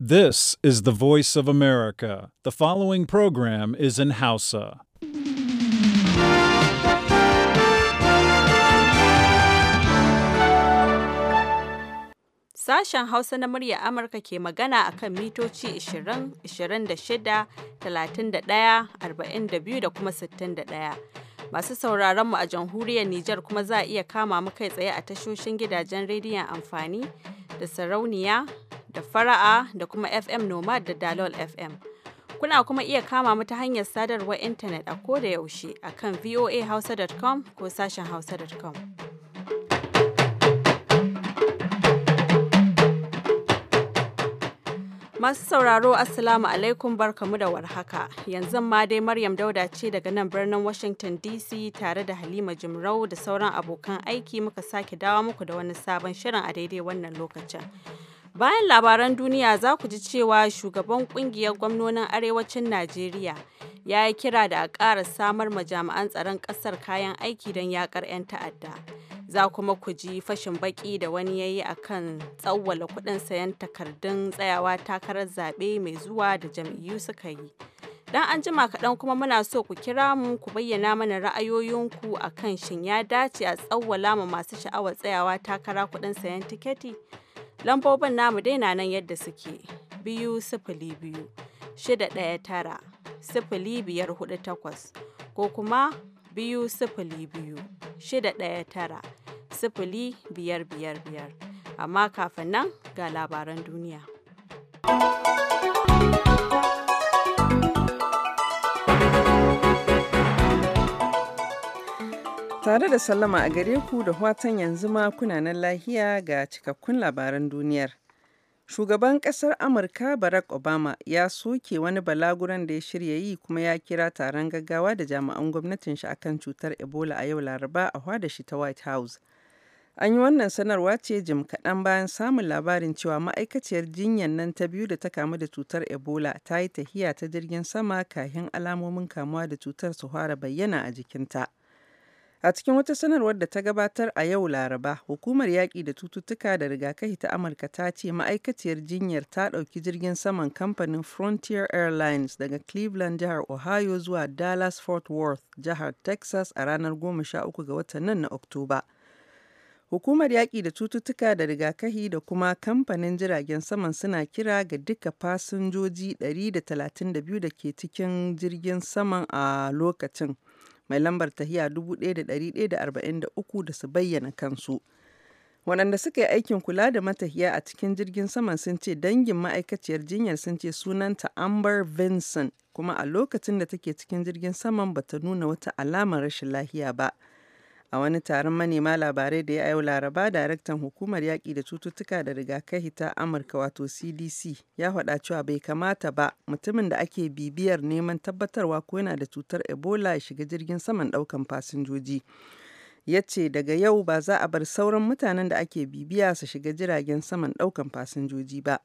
This is the voice of America. The following program is in Hausa. Sashen Hausa na murya Amurka ke magana a kan mitoci 20, 26, 31, 42 da kuma 61. Masu sauraron mu a jamhuriyar Nijar kuma za a iya kama mu kai tsaye a tashoshin gidajen rediyon amfani da sarauniya da Fara'a da kuma FM Nomad da Dalol FM. Kuna kuma iya kama mu ta hanyar sadarwar intanet a ko da yaushe a kan voahausa.com ko sashen hausa.com. Masu sauraro Assalamu alaikum barkamu da warhaka. Yanzu ma dai Maryam Dauda ce daga nan birnin Washington DC tare da Halima Jimrau da sauran abokan aiki muka sake dawo muku da wani sabon shirin a daidai wannan lokacin. Bayan labaran duniya za ku ji cewa shugaban kungiyar gwamnonin arewacin Najeriya ya yi kira da a ƙara samar ma jami'an tsaron ƙasar kayan aiki don yakar 'yan ta'adda. Za kuma ku ji fashin baki da wani ya yi a kan tsawwala kuɗin sayan takardun tsayawa takarar zaɓe mai zuwa da jam'iyyu suka yi. Dan an jima kaɗan kuma muna so ku kira mu ku bayyana mana ra'ayoyinku a kan shin ya dace a tsawwala ma masu sha'awar tsayawa takara kuɗin sayan tiketi. Lambobin namu dai na nan yadda suke biyu sifili biyu shida ɗaya tara sifili biyar hudu takwas ko kuma biyu sifili biyu shida ɗaya tara sifili biyar biyar biyar amma kafin nan ga labaran duniya. Tare da sallama a gare ku da watan yanzu ma kuna nan lahiya ga cikakkun labaran duniyar. Shugaban ƙasar Amurka Barack Obama ya soke wani balaguran da ya shirya yi kuma ya kira taron gaggawa da jami'an gwamnatin shi akan cutar Ebola a yau Laraba a hwada shi ta White House. An yi wannan sanarwa ce jim kaɗan bayan samun labarin cewa ma'aikaciyar jinyar nan ta biyu da ta kamu da cutar Ebola ta yi tahiya ta jirgin sama kahin alamomin kamuwa da cutar su fara bayyana a jikinta. A cikin wata sanarwar da ta gabatar a yau Laraba, Hukumar Yaƙi da Cututtuka da Rigakafi ta Amurka ta ce ma'aikaciyar jinyar ta ɗauki jirgin saman kamfanin Frontier Airlines daga Cleveland, jihar Ohio zuwa Dallas Fort Worth, jihar Texas a ranar 13 ga watan nan na Oktoba. Hukumar Yaƙi da Cututtuka da Rigakafi da kuma kamfanin jiragen saman suna kira ga duka fasinjoji 132 da ke cikin jirgin saman a lokacin. mai lambar tahiya 1143 da su bayyana kansu. waɗanda suka yi aikin kula da matahiya a cikin jirgin saman sun ce dangin ma'aikaciyar jinyar sun ce sunanta amber vincent kuma a lokacin da take cikin jirgin saman bata nuna wata alamar rashin lahiya ba. A wani taron manema labarai da ya a yau Laraba, daraktan Hukumar Yaƙi da Cututtuka da Rigakafi ta Amurka wato CDC ya faɗa cewa bai kamata ba mutumin da ake bibiyar neman tabbatarwa ko yana da cutar Ebola ya shiga jirgin saman ɗaukan fasinjoji. ya ce daga yau ba za a bar sauran mutanen da ake bibiya su shiga jiragen saman ɗaukan fasinjoji ba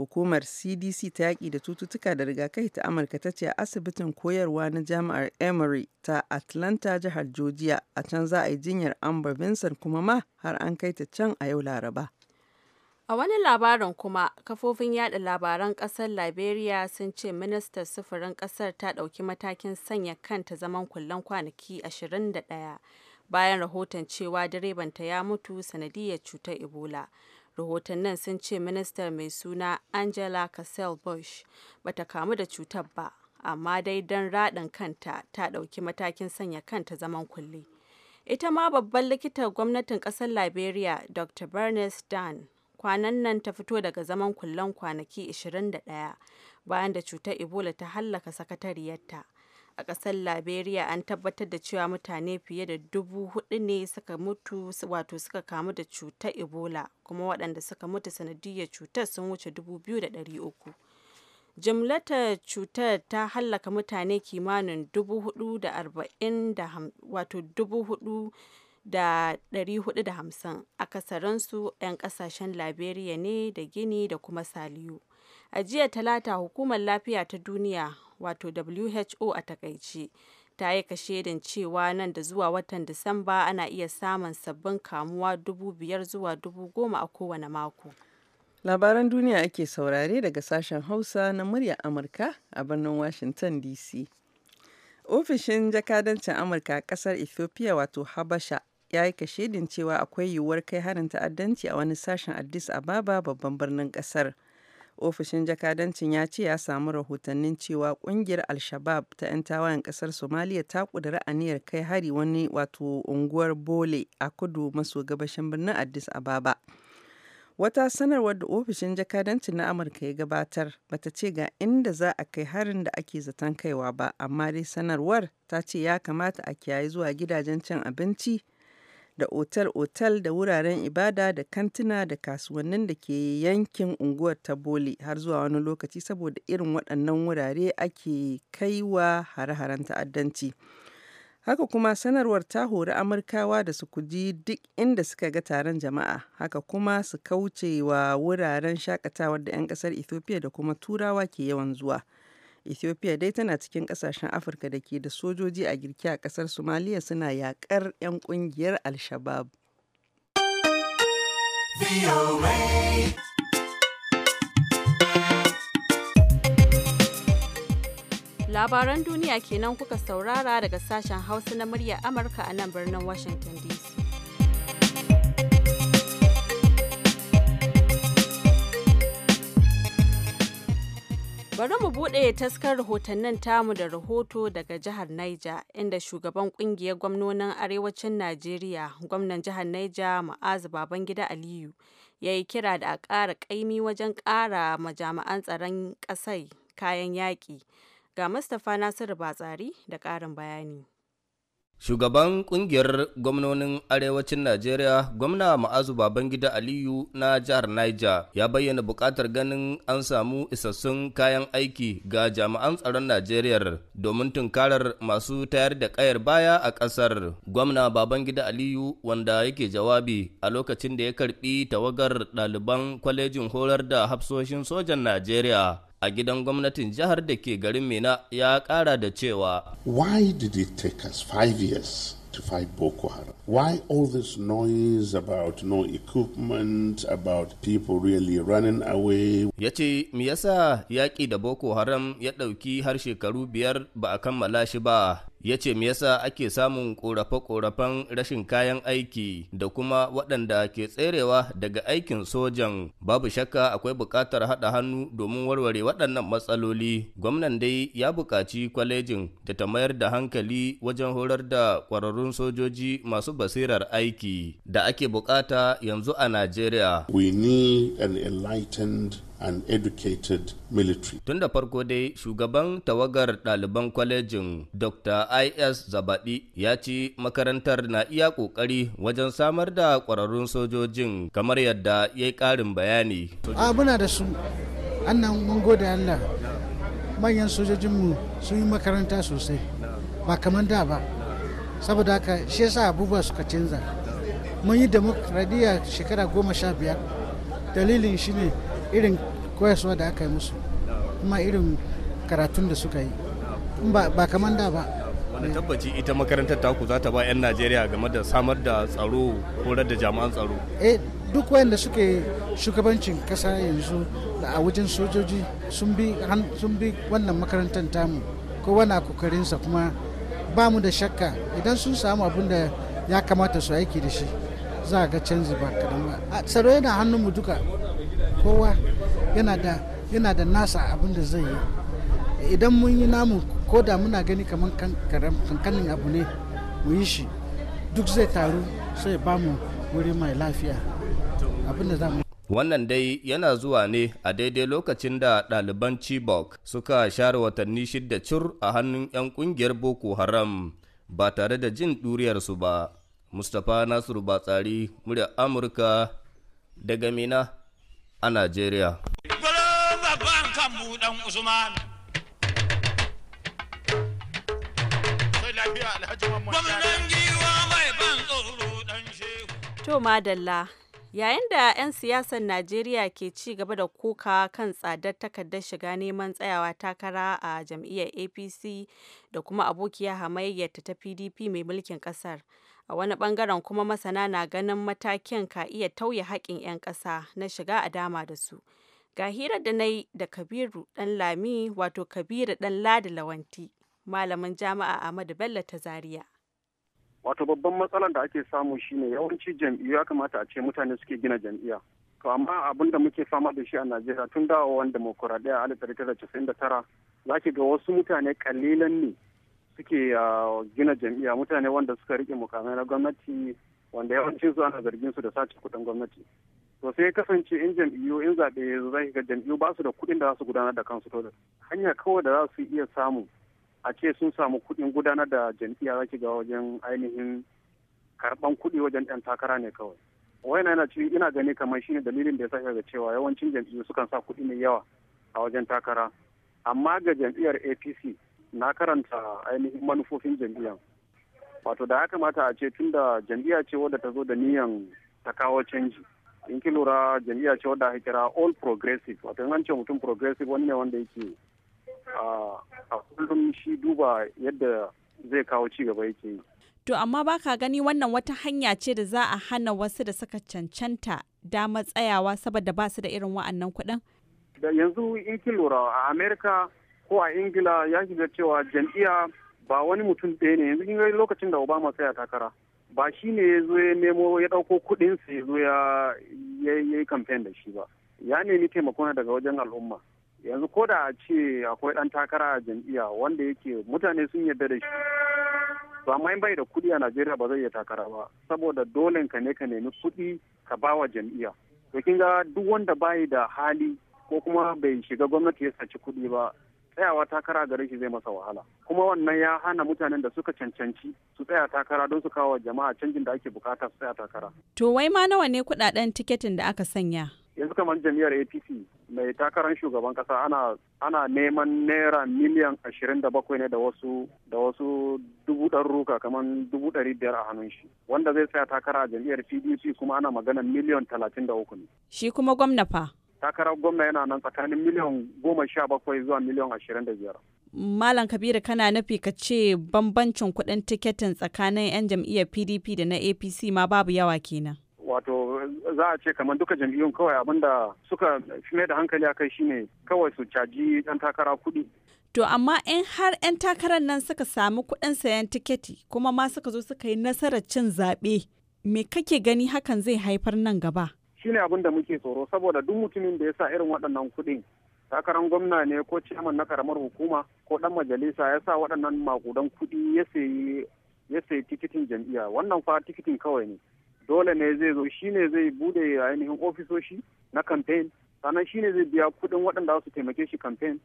Hukumar CDC ta yaƙi da cututtuka da rigakai ta Amurka ta ce a asibitin koyarwa na jami'ar Emory ta Atlanta jihar Georgia a can za a yi jinyar Amber Vincent kuma ma har an kai ta can a yau Laraba. A wani labarin kuma, kafofin yada labaran kasar Liberia sun ce ministar sufurin kasar ta ɗauki matakin sanya kanta zaman kullen kwanaki 21 bayan rahoton cewa direbanta ya mutu sanadiyar cutar Ebola. rahotannin sun ce ministar mai suna angela cassell bush ba ta kamu da cutar ba amma dai don raɗin kanta ta ɗauki matakin sanya kanta zaman kulle ita ma babban likitar gwamnatin ƙasar liberia dr bernice dan kwanan nan ta fito daga zaman kullen kwanaki 21 bayan da cutar ebola ta hallaka sakatariyarta a ƙasar liberia an tabbatar da cewa mutane fiye da dubu hudu ne suka mutu wato suka kamu da cutar ebola kuma waɗanda suka mutu sanadiyar cutar sun wuce dubu biyu da ɗari uku jimlata cutar ta hallaka mutane kimanin dubu hudu da arba'in da wato dubu hudu da ɗari hudu da hamsin a kasaransu 'yan ƙasashen liberia ne da gini da kuma saliyu a jiya talata hukumar lafiya ta duniya wato WHO a takaice ta yi kashedin cewa nan da zuwa watan Disamba ana iya samun sabbin kamuwa dubu biyar zuwa dubu goma a kowane mako. Labaran duniya ake saurare daga sashen Hausa na muryar Amurka a birnin Washington DC. Ofishin jakadancin Amurka a ƙasar Ethiopia wato Habasha ya yi kashedin cewa akwai yiwuwar kai harin ta'addanci a wani sashen Addis Ababa babban birnin ƙasar. ofishin jakadancin ya ce ya samu rahotannin cewa kungiyar al-shabab ta 'yan tawayen kasar somaliya ta kudura aniyar kai hari wani wato unguwar bole a kudu maso gabashin birnin addis ababa wata sanarwar da ofishin jakadancin na amurka ya gabatar bata ce ga inda za a kai harin da ake zaton kaiwa ba amma dai sanarwar ta ce ya kamata a kiyaye zuwa gidajen cin abinci da otal-otal da wuraren ibada da kantina da kasuwannin da ke yankin unguwar taboli har zuwa wani lokaci saboda irin waɗannan wurare ake kaiwa hare-haren ta'addanci. Haka kuma sanarwar ta hori Amurkawa da su kuji duk inda suka ga taron jama'a, haka kuma su kauce wa wuraren shakatawar da 'yan ƙasar Ethiopia da kuma Turawa ke yawan zuwa. Ethiopia dai tana cikin kasashen Afirka da ke da sojoji a girke a kasar Somalia suna yakar 'yan kungiyar Al-Shabaab. Labaran duniya kenan kuka saurara daga sashen Hausa na murya Amurka a nan birnin Washington DC. Bari mu buɗe taskar rahotannin tamu da rahoto daga jihar Niger inda shugaban kungiyar gwamnonin arewacin Najeriya gwamnan jihar Niger Ma'azu Babangida Aliyu ya yi kira da a ƙara ƙaimi wajen ƙara majami'an tsaron ƙasai kayan yaƙi. Ga Mustapha Nasiru Batsari da ƙarin bayani. Shugaban kungiyar gwamnonin arewacin Najeriya, gwamna Ma'azu Babangida Aliyu na jihar Niger ya bayyana buƙatar ganin an samu isassun kayan aiki ga jami'an tsaron Najeriya domin tunkarar masu tayar da ƙayar baya a ƙasar. Gwamna Babangida Aliyu wanda yake jawabi a lokacin da ya karɓi tawagar ɗaliban kwalejin horar da hafsoshin sojan Najeriya. a gidan gwamnatin jihar da ke garin Mina ya ƙara da cewa. Why did it take us five years to fight Boko Haram? Why all this noise about no equipment, about people really running away? Ya ce, me yasa yaƙi da Boko Haram ya ɗauki har shekaru biyar ba a kammala shi ba? ya ce me yasa ake samun korafe-korafen rashin kayan aiki da kuma waɗanda ke tserewa daga aikin sojan babu shakka akwai buƙatar haɗa hannu domin warware waɗannan matsaloli gwamnan dai ya buƙaci kwalejin da ta mayar da hankali wajen horar da ƙwararrun sojoji masu basirar aiki da ake buƙata yanzu a najeriya we need an enlightened and educated military. Tun da farko dai shugaban tawagar ɗaliban kwalejin Dr. I.S. Zabaɗi ya ci makarantar na iya ƙoƙari wajen samar da ƙwararrun sojojin kamar yadda ya yi ƙarin bayani. A muna da su, annan mun gode Allah. Manyan sojojinmu sun yi makaranta sosai, ba kamar da ba. Saboda haka shi yasa abubuwa suka canza. Mun yi shekara goma sha biyar. Dalilin shi ne irin koyaswa da aka yi musu kuma irin karatun da suka yi ba kamar da ba wani tabbaci ita makarantar taku za ta ba 'yan najeriya game da samar da tsaro horar da jami'an tsaro eh duk wayanda suke shugabancin kasa yanzu da a wajen sojoji sun bi wannan makarantar tamu kowane kokarinsa kuma ba mu da shakka idan sun samu abin da ya kamata su aiki da shi za a ga canji ba kadan ba tsaro yana hannun mu duka kowa yana da yana da nasa abin da zai yi idan mun yi namu ko da muna gani kamar kankanin abu ne mu yi shi duk zai taru sai ba mu wuri mai lafiya abin da za mu Wannan dai yana zuwa ne a daidai lokacin da ɗaliban Chibok suka share watanni shidda cur a hannun 'yan kungiyar Boko Haram ba tare da jin ɗuriyarsu ba. Mustapha Nasiru Batsari, murya Amurka daga Mina a Najeriya. To Madalla, yayin da 'yan siyasar Najeriya ke ci gaba da kuka kan tsadar takardar shiga neman tsayawa takara a jam'iyyar APC da kuma abokiya hamayyata ta PDP mai mulkin kasar. A wani bangaren kuma masana na ganin matakin ka iya tauye haƙƙin 'yan ƙasa na shiga a dama da su. Ga hirar da na yi da Kabiru ɗan Lami wato Kabiru ɗan Ladi Lawanti, malamin jami'a Ahmadu Bello ta Zaria. Wato babban matsalar da ake samu shine yawanci jam'iyyu ya kamata a ce mutane suke gina jam'iyya. To amma abin da muke fama da shi a Najeriya tun dawowar demokuraɗiyya a 1999 za ki ga wasu mutane kalilan ne suke gina jam'iyya mutane wanda suka rike mukamai na gwamnati wanda yawancin su ana zargin su da sace kuɗin gwamnati to sai ya kasance in jam'iyyu in zaɓe zai ga jam'iyyu ba su da kuɗin da za su gudanar da kansu dole hanya kawai da za su iya samu a ce sun samu kuɗin gudanar da jam'iyya za ki ga wajen ainihin karɓan kuɗi wajen ɗan takara ne kawai wani yana ci ina gani kamar shine dalilin da ya sa ga cewa yawancin jam'iyyu sukan sa kuɗi mai yawa a wajen takara amma ga jam'iyyar apc na karanta ainihin manufofin jam'iyyar wato da ya kamata a ce tun da jam'iyya ce wadda ta zo da niyan ta kawo canji in ki lura jam'iyya ce wadda aka kira all progressive wato an ce mutum progressive wani ne wanda yake a kullum shi duba yadda zai kawo ci gaba yake yi to amma baka gani wannan wata hanya ce da za a hana wasu da suka cancanta damar tsayawa saboda ba su da irin wa'annan kuɗin yanzu in ki lura a america ko a ingila ya shiga cewa jam'iyya ba wani mutum ɗaya ne yanzu kinga lokacin da obama tsaya takara ba shi ne ya zo ya nemo ya ɗauko kuɗin su ya zo ya yi kamfen da shi ba ya nemi taimako daga wajen al'umma yanzu ko da a ce akwai ɗan takara a jam'iyya wanda yake mutane sun yarda da shi to amma bai da kuɗi a najeriya ba zai iya takara ba saboda dole ka ne ka nemi kuɗi ka ba wa jam'iyya to kin ga duk wanda bai da hali ko kuma bai shiga gwamnati ya saci kuɗi ba tsayawa takara gare shi zai masa wahala kuma wannan ya hana mutanen da suka cancanci su tsaya takara don su kawo jama'a canjin da ake bukata su tsaya takara to wai ma nawa ne kudaden tiketin da aka sanya yanzu kamar jam'iyyar apc mai takarar shugaban kasa ana ana neman naira miliyan ashirin da bakwai ne da wasu da wasu dubu ruka kamar dubu ɗari biyar a hannun shi wanda zai tsaya takara a jam'iyyar pdp kuma ana maganar miliyan talatin da uku ne shi kuma gwamna fa takarar gwamna yana nan tsakanin miliyan goma sha bakwai zuwa miliyan ashirin da biyar. Malam Kabiru kana nufi ka ce bambancin kuɗin tiketin tsakanin 'yan jam'iyyar PDP da na APC ma babu yawa kenan. Wato za a ce kamar duka jam'iyyun kawai abinda suka fi da hankali a kai shine kawai su caji 'yan takara kuɗi. To amma in har 'yan takarar nan suka samu kuɗin sayan tiketi kuma ma suka zo suka yi nasarar cin zaɓe, me kake gani hakan zai haifar nan gaba? shine abin da muke tsoro saboda duk mutumin da ya sa irin waɗannan kuɗin takarar gwamna ne ko ciyaman na karamar hukuma ko ɗan majalisa ya sa waɗannan makudan kuɗi ya sayi tikitin jam'iyya wannan fa tikitin kawai ne dole ne zai zo shi ne zai bude ainihin ofisoshi na campaign sannan shi ne zai biya kuɗin waɗanda su taimake shi campaign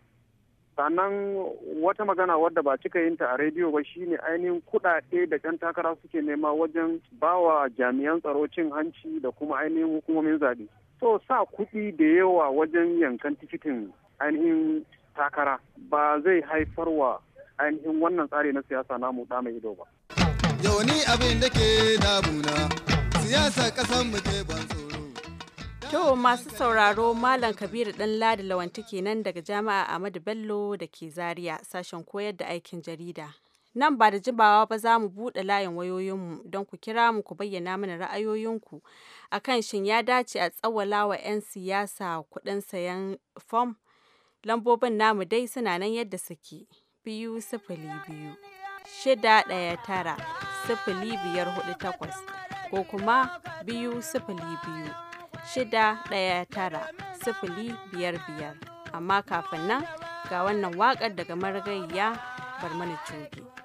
sannan wata magana wadda ba cika yin ta a rediyo ba shine ainihin kudade da yan takara suke nema wajen bawa jami'an tsaro cin hanci da kuma ainihin hukumomin zaɓe so sa kuɗi da yawa wajen yankan tikitin ainihin takara ba zai haifar wa ainihin wannan tsari na siyasa namu ɗa mai ido ba. Yau ni abin da ke damuna siyasa ƙasar mu ke banzo. To masu sauraro Malam Kabiru ɗan Ladi Lawanti kenan daga Jami'a Ahmadu Bello da ke Zaria sashen koyar da aikin jarida. Nan ba da jibawa ba za mu buɗe layin wayoyinmu don ku kira mu ku bayyana mana ra'ayoyinku akan shin ya dace a tsawala wa 'yan siyasa kuɗin sayan fom. Lambobin namu dai suna nan yadda suke biyu sifili biyu shida ɗaya tara sifili biyar hudu takwas ko kuma biyu sifili biyu shida ɗaya tara sifili biyar biyar amma kafin nan ga wannan waƙar daga marigayya mani coge.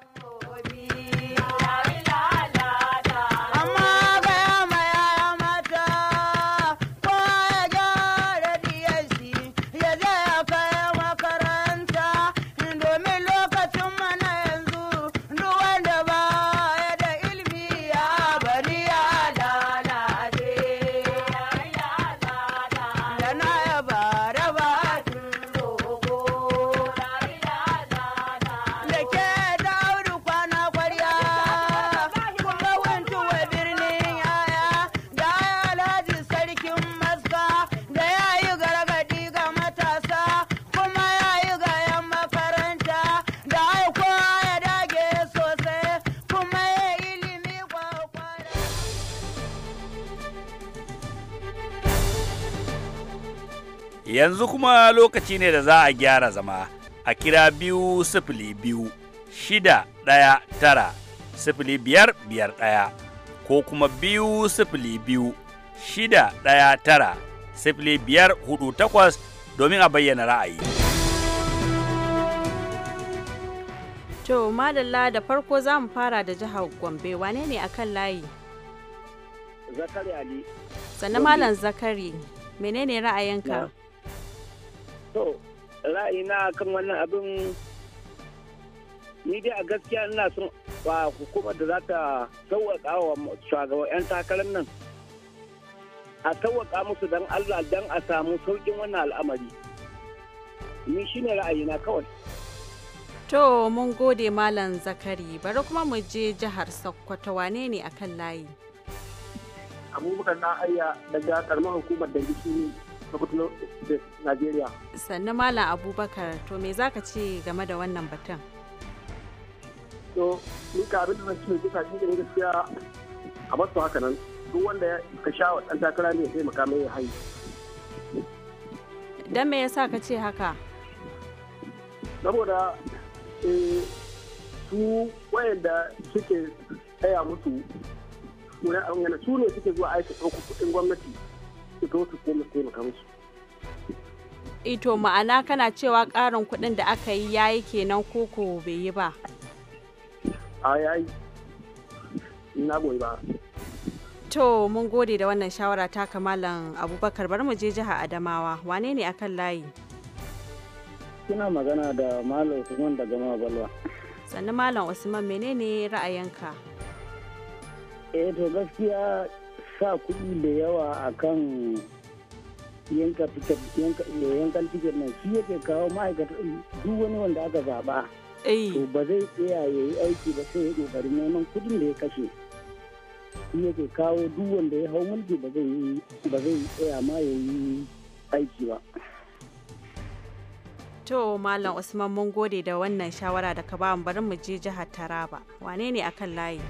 yanzu kuma lokaci ne da za a gyara zama a kira biyu sifili biyu shida ɗaya tara sifili biyar biyar ɗaya ko kuma biyu sifili biyu shida ɗaya tara sifili biyar hudu takwas domin a bayyana ra'ayi. To madalla da farko za mu fara da jihar Gombe wane ne akan layi? Zakari Ali. Sannan Malam Zakari menene ra'ayinka? to ra'ayina kan wannan abin ni dai a gaskiya ina son ba hukumar da za ta sauwaƙa wa shugaban 'yan takarar nan a sauwaƙa musu don allah don a samu sauƙin wannan al'amari ni shi ra'ayi ra'ayina kawai to mun gode malam zakari bari kuma mu je jihar sokoto wane ne akan layi abubakar na aya daga karamar hukumar da ne na Najeriya. Sannu Malam Abubakar, to me za ka ce game da wannan batun? To, ni ka abin da zan ce duka shi ne gaskiya a basu haka nan. Duk wanda ka sha wa takara ne sai makamai ya hayi. Dan me yasa ka ce haka? Saboda eh, su wayanda suke tsaya musu su ne suke zuwa aiki ɗauko kuɗin gwamnati. su zo su taimaka musu ito eh ma'ana kana cewa ƙarin kuɗin da aka yi ya yi kenan koko bai yi ba a ya yi goyi ba to mun gode da wannan shawara ta kamalan abubakar bari mu je jiha adamawa wane ne akan layi kina magana da malam usman daga Balwa. sannan malam usman menene ra'ayinka eh to gaskiya sa kuɗi da yawa a kan yanka tiket nan shi yake kawo ma'aikata duk wani wanda aka zaɓa. To ba zai tsaya ya yi aiki ba sai ya ƙoƙarin neman kuɗin da ya kashe. Shi yake kawo duk wanda ya hau mulki ba zai tsaya ma ya yi aiki ba. To Malam Usman mun gode da wannan shawara da ka ba mu bari mu je jihar Taraba. Wane ne akan layi?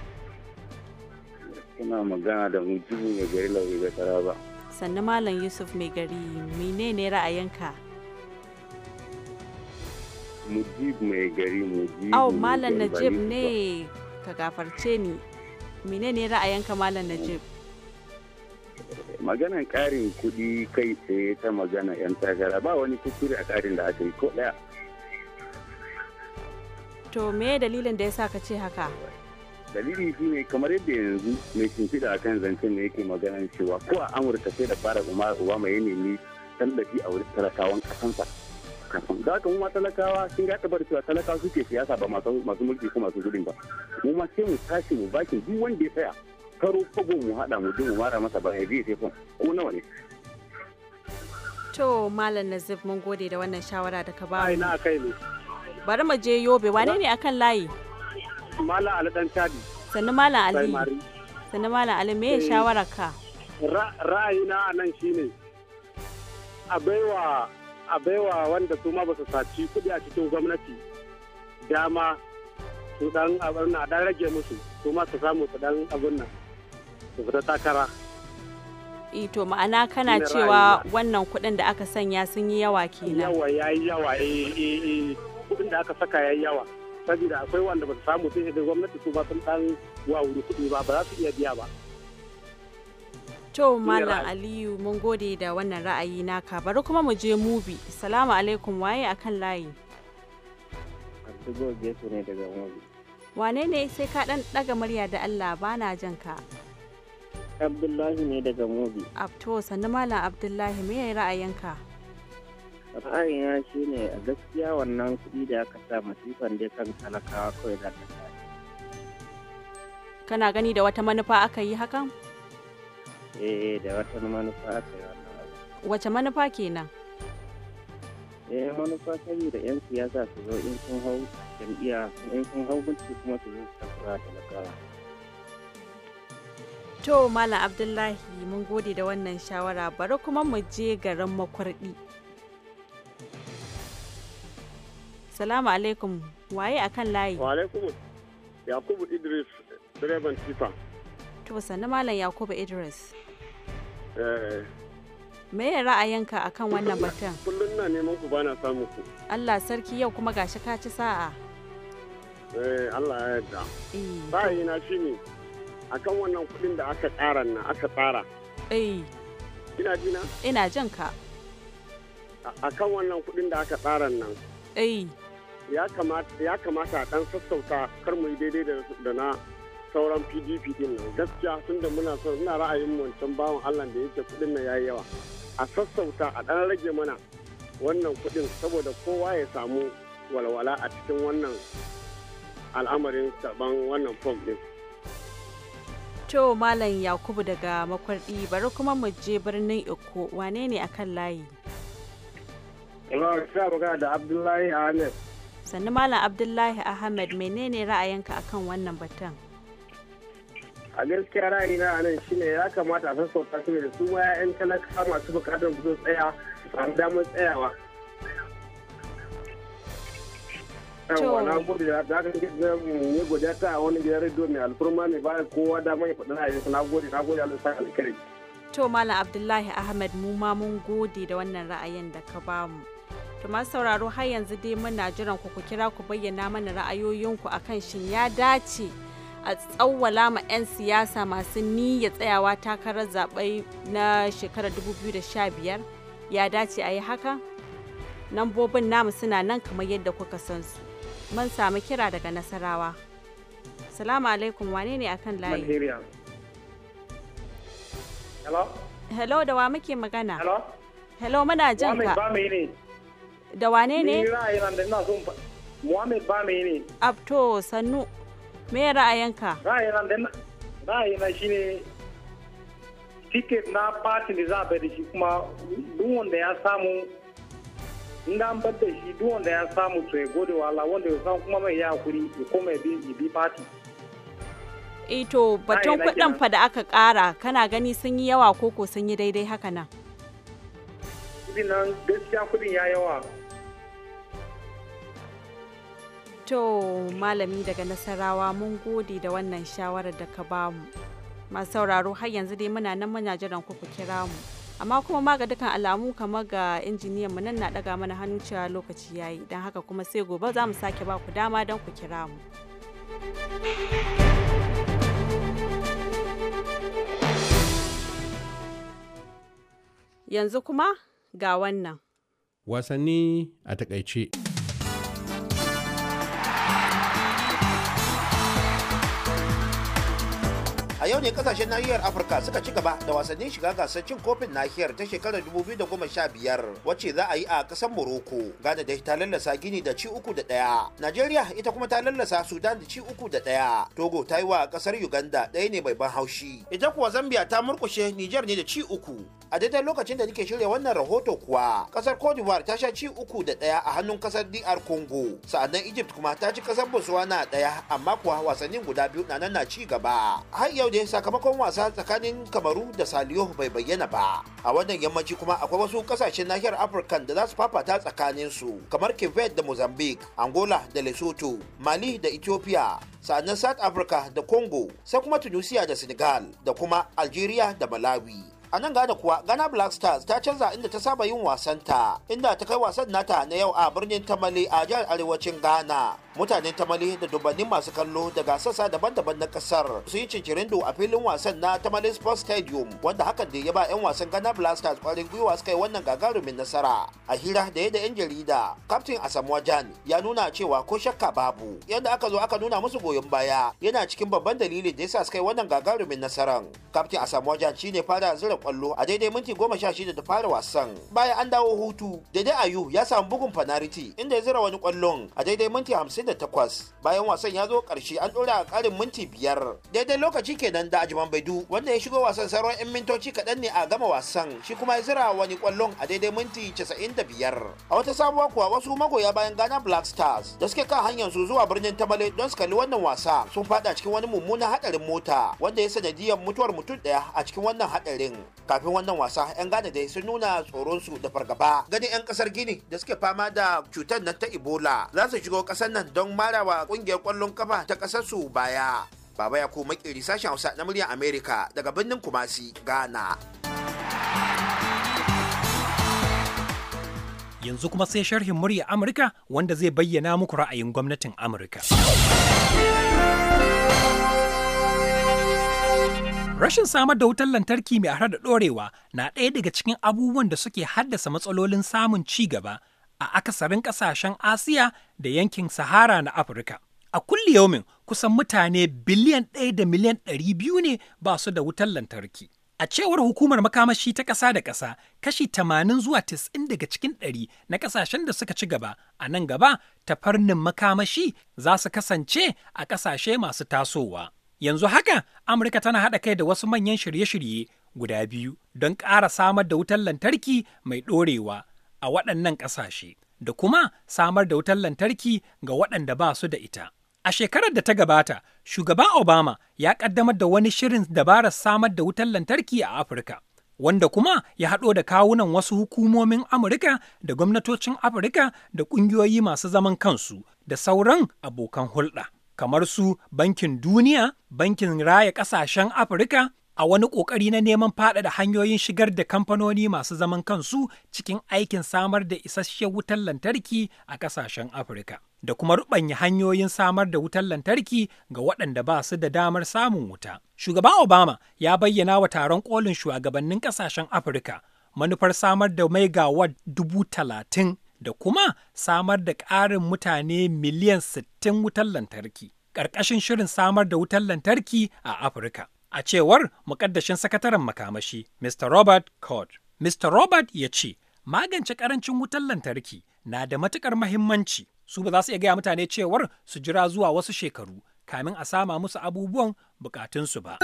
kuna magana da mujibu mai gari lauri ga taraba sannu malam yusuf mai gari menene ra'ayinka mujib mai gari mujib au malam najib ne ka gafarce ni menene ra'ayinka malam najib maganan karin kudi kai tsaye ta magana yan takara ba wani kuskure a karin da aka yi ko daya to me dalilin da ya sa ka ce haka dalili shi ne kamar yadda yanzu mai shimfiɗa a kan zancen ne yake magana cewa ko a amurka sai da fara umar obama ya nemi tallafi a wurin talakawan kasansa kafin da haka mu talakawa sun ga tabar cewa talakawa suke siyasa ba masu mulki ko masu gudun ba mu ma sai mu tashi mu baki duk wanda ya tsaya karo fago mu haɗa mu duk mu mara masa ba ya biye sai ko nawa ne to malam nazif mun gode da wannan shawara da ka ba mu bari mu je yobe wane ne akan layi Malam Ali ɗan Tadi. Sannu Malam Ali. Sannu Malam Ali me eh, shawara ka? Ra'ayina a nan shi ne, a baiwa wanda su ma ba su saci kuɗi a cikin gwamnati dama su ɗan abin a ɗan rage musu su ma su samu su ɗan abin nan su fita takara. ito eh, ma'ana kana cewa wannan kuɗin da aka sanya sun yi yawa kenan yawa ya yi yawa eh eh, eh kuɗin da aka saka ya yi yawa saboda akwai wanda ba su samu sai ga gwamnati su ba sun dan wawuri kuɗi ba ba za su iya biya ba to malam aliyu mun gode da wannan ra'ayi naka bari kuma mu je mubi salamu alaikum waye akan layi ne daga mubi wane ne sai ka dan daga murya da allah bana jan ka abdullahi ne daga mubi abto sannu malam abdullahi me ra'ayinka ra'ayina shi ne a gaskiya wannan kuɗi da aka sa masifan dai kan talakawa kawai za ta kana gani da wata manufa aka yi hakan? eh da wata manufa aka yi wannan wace manufa kenan? eh manufa ta da 'yan siyasa su zo in sun hau jam'iyya in sun hau gunci kuma su zo su takura talakawa To Malam Abdullahi mun gode da wannan shawara bari kuma mu je garin makwarɗi. Salamu alaikum. Waye a kan layi? Wa alaikum. Yakubu Idris, direban tifa. To sannu Malam Yakubu Idris. Eh. Me ya ra'ayinka a kan wannan batun? Kullum na neman ku bana samu ku. Allah sarki yau kuma gashi ka ci sa'a. Eh Allah ya yarda. shi na a akan wannan kudin da aka tsara na aka tsara. Eh. Ina jina? Ina jin ka. Akan wannan kudin da aka tsara nan. Eh. ya kamata a ɗan sassauta kar mu yi daidai da na sauran pdp din nan gaskiya tun da muna son ina ra'ayin wancan bawan allah da yake kudin na yayi yawa a sassauta a ɗan rage mana wannan kuɗin saboda kowa ya samu walwala a cikin wannan al'amarin karban wannan fom din to malam yakubu daga makwarɗi bari kuma mu je birnin iko wane ne akan layi Allah ya magana da Abdullahi Ahmed. sannu malam abdullahi ahmed menene ra'ayinka akan wannan batun a gaskiya ra'ayina a nan shine ya kamata a sassauta su da su waya 'yan talakawa masu bukatar su tsaya samu damar tsayawa yawa na gode da haka kike da ne godiya ta wani gidan rediyo mai alfurma mai baya kowa da mai faɗin ra'ayinsa na gode na gode Allah sa alkhairi to malam abdullahi ahmed mu ma mun gode da wannan ra'ayin da ka bamu To sauraro har yanzu dai muna jiran ku ku kira ku bayyana mana ra'ayoyinku akan shin ya dace a tsawwala ma 'yan siyasa masu niyya tsayawa takarar zaɓe na shekarar 2015 ya dace a yi haka? Nambobin namu suna nan kamar yadda kuka san su. Mun samu kira daga Nasarawa. Salamu alaikum wane ne akan layi? Hello? Hello da wa muke magana? Hello? Hello muna jan ka. ne. da wane ne? Ni ra'ayin ina son Muhammad Bame ne. Abto Sannu me ra'ayinka? Ra'ayin da ra'ayina shine ticket na party da za a bai da shi kuma duk wanda ya samu in an bar da shi duk wanda ya samu to ya gode wa Allah wanda ya san kuma mai ya hakuri ya koma bi bi party. Ito e, batun kuɗin fa da aka ƙara kana gani sun yi yawa koko sun yi daidai haka nan. Kudin nan gaskiya kudin ya yawa To malami daga Nasarawa mun gode da wannan shawarar da ka bamu. Masu sauraro har yanzu dai muna nan muna jiran ku kira mu. Amma kuma ma ga dukkan alamu kamar ga injiniyan mu nan na daga mana hannu cewa lokaci yayi. Don haka kuma sai gobe za mu sake ba ku dama dan ku kira mu. Yanzu kuma ga wannan. Wasanni a takaice. yau ne kasashen nahiyar Afirka suka ci gaba da wasannin shiga gasar cin kofin nahiyar ta shekarar dubu goma sha biyar wacce za a yi a kasar Morocco. Ghana da ta lallasa Gini da ci uku da ɗaya. Nigeria ita kuma ta lallasa Sudan da ci uku da ɗaya. Togo ta yi wa kasar Uganda ɗaya ne mai ban haushi. Ita kuwa Zambia ta murkushe Niger ne da ci uku. A daidai lokacin da nake shirya wannan rahoto kuwa kasar Cote d'Ivoire ta sha ci uku da ɗaya a hannun kasar DR Congo. Sa'annan Egypt kuma ta ci kasar Botswana ɗaya amma kuwa wasannin guda biyu na nan na ci gaba. Har yau da dai sakamakon wasa tsakanin kamaru da saliyo bai bayyana ba a wannan yammaci kuma akwai wasu kasashen nahiyar afirka da za su fafata tsakanin su kamar kivet da mozambique angola da lesotho mali da ethiopia sannan south africa da congo sai kuma tunisia da senegal da kuma algeria da malawi a nan gada kuwa ghana black stars ta canza inda ta saba yin wasanta inda ta kai wasan nata na yau a birnin tamale a jihar arewacin ghana mutane tamale da dubannin masu kallo daga sassa daban-daban na kasar su yi cincirindo a filin wasan na tamale sports stadium wanda hakan da ya ba 'yan wasan ghana blasters kwarin gwiwa su kai wannan gagarumin nasara a hira da yadda 'yan jarida captain asamuwa jan ya nuna cewa ko shakka babu yadda aka zo aka nuna musu goyon baya yana cikin babban dalilin da ya sa su kai wannan gagarumin nasaran captain asamuwa jan shine fara zira kwallo a daidai minti goma sha shida da fara wasan bayan an dawo hutu daidai ayu ya samu bugun fanariti inda ya zira wani kwallon a daidai minti hamsin 58 bayan wasan ya zo karshe an dora a karin minti biyar daidai lokaci kenan da ajiman baidu wanda ya shigo wasan sauran 'yan mintoci kaɗan ne a gama wasan shi kuma ya zira wani ƙwallon a daidai minti 95 a wata sabuwa kuwa wasu magoya bayan ghana black stars da suke kan hanyar su zuwa birnin tamale don su kalli wannan wasa sun fada cikin wani mummunan haɗarin mota wanda ya sanadiyar mutuwar mutum ɗaya a cikin wannan haɗarin kafin wannan wasa 'yan ghana dai sun nuna tsoronsu da fargaba ganin 'yan ƙasar gini da suke fama da cutar nan ta ebola za su shigo kasar nan don marawa kungiyar kwallon kafa ta kasar su baya baba ya kuma kiri sashen hausa na muryar america daga birnin kumasi ghana yanzu kuma sai sharhin murya amurka wanda zai bayyana muku ra'ayin gwamnatin amurka Rashin samar da wutar lantarki mai harar da dorewa na ɗaya daga cikin abubuwan da suke haddasa matsalolin samun ci gaba a akasarin ƙasashen Asiya da yankin Sahara na Afirka. A kulli yaumin kusan mutane biliyan ɗaya da miliyan ɗari biyu ne ba su da wutar lantarki. A cewar hukumar makamashi ta ƙasa da ƙasa, kashi tamanin zuwa tis'in daga cikin ɗari na ƙasashen da suka ci gaba a nan gaba ta farnin makamashi za su kasance a ƙasashe masu tasowa. Yanzu haka, Amurka tana haɗa kai da wasu manyan shirye-shirye guda biyu don ƙara samar da wutar lantarki mai ɗorewa a waɗannan ƙasashe da kuma samar da wutar lantarki ga waɗanda ba su da ita. A shekarar da ta gabata, shugaba Obama ya ƙaddamar da wani shirin dabarar samar da wutar lantarki a Afirka, wanda kuma ya haɗo da kawunan wasu hukumomin Amurka da gwamnatocin Afirka da ƙungiyoyi masu zaman kansu da sauran abokan hulɗa, kamar su Bankin Duniya, Bankin Raya Ƙasashen Afirka, a wani ƙoƙari na neman faɗaɗa hanyoyin shigar da kamfanoni masu zaman kansu cikin aikin samar da isasshen wutar lantarki a ƙasashen Afirka. Da kuma ruɓanya hanyoyin samar da wutar lantarki ga waɗanda ba su da damar samun wuta. Shugaba Obama ya bayyana wa taron ƙolin shugabannin ƙasashen Afirka manufar samar da megawatt dubu talatin da kuma samar da ƙarin mutane miliyan sittin wutar lantarki. ƙarƙashin shirin samar da wutar lantarki a Afirka. a cewar mukaddashin sakataren makamashi Mr. Robert Cord. Mr. Robert ya ce, magance karancin wutar lantarki na da matukar mahimmanci, su ba za su iya gaya mutane cewar su jira zuwa wasu shekaru kamin a sama musu abubuwan bukatunsu ba.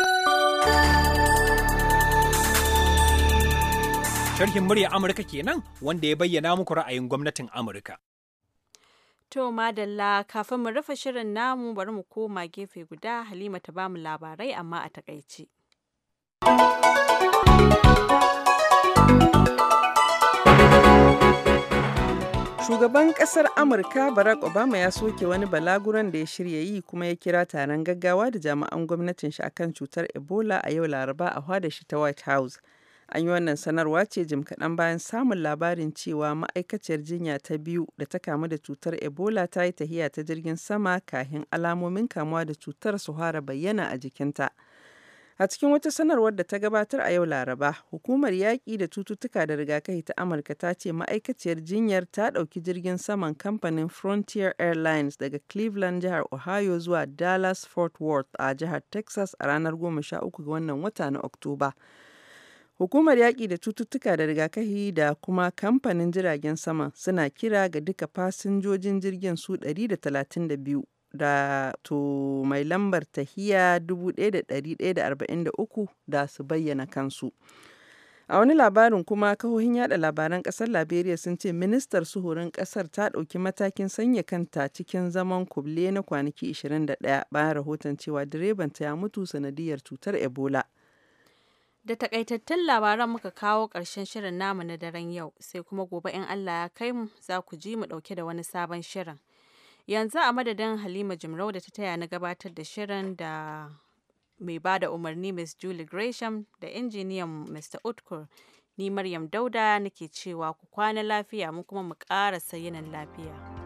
Sharhin murya Amurka kenan wanda ya bayyana muku ra'ayin gwamnatin Amurka. To madalla kafin mu rufe shirin namu bari mu koma gefe guda Halima ta bamu labarai amma a takaice. Shugaban ƙasar Amurka Barack Obama ya soke wani balaguran da ya shirya yi kuma ya kira taron gaggawa da jami'an gwamnatin shi akan cutar Ebola a yau Laraba a hwada shi ta White House. An yi wannan sanarwa ce jim kaɗan bayan samun labarin cewa ma'aikaciyar jinya ta biyu da ta kamu da cutar Ebola ta yi tahiya ta jirgin sama kahin alamomin kamuwa da cutar su fara bayyana a jikinta. A cikin wata sanarwar da ta gabatar a yau Laraba, hukumar yaƙi da cututtuka da rigakafi ta Amurka ta ce ma'aikaciyar jinyar ta ɗauki jirgin saman kamfanin Frontier Airlines daga Cleveland jihar Ohio zuwa Dallas Fort Worth a jihar Texas a ranar 13 ga wannan wata na Oktoba. Hukumar Yaƙi da Cututtuka da Rigakafi da kuma Kamfanin Jiragen sama suna kira ga duka fasinjojin jirgin su 132 da to mai lambar tahiya 1143 da su bayyana kansu. A wani labarin kuma kahohin yada labaran kasar Liberia sun ce ministar suhurin kasar ta dauki matakin sanya kanta cikin zaman kuble na kwanaki 21 bayan rahoton cewa direban ta ya mutu sanadiyar cutar Ebola. Da takaitattun labaran muka kawo ƙarshen shirin namu na daren yau, sai kuma gobe in Allah ya kai mu za ku ji mu ɗauke da wani sabon shirin. Yanzu a madadin Halima Jimrau da ta taya na gabatar da shirin da mai ba da umarni Miss Julie Gresham da injiniyan Mr. Utkur. Ni Maryam Dauda nake cewa ku kwana lafiya mu kuma mu ƙara sayinin lafiya.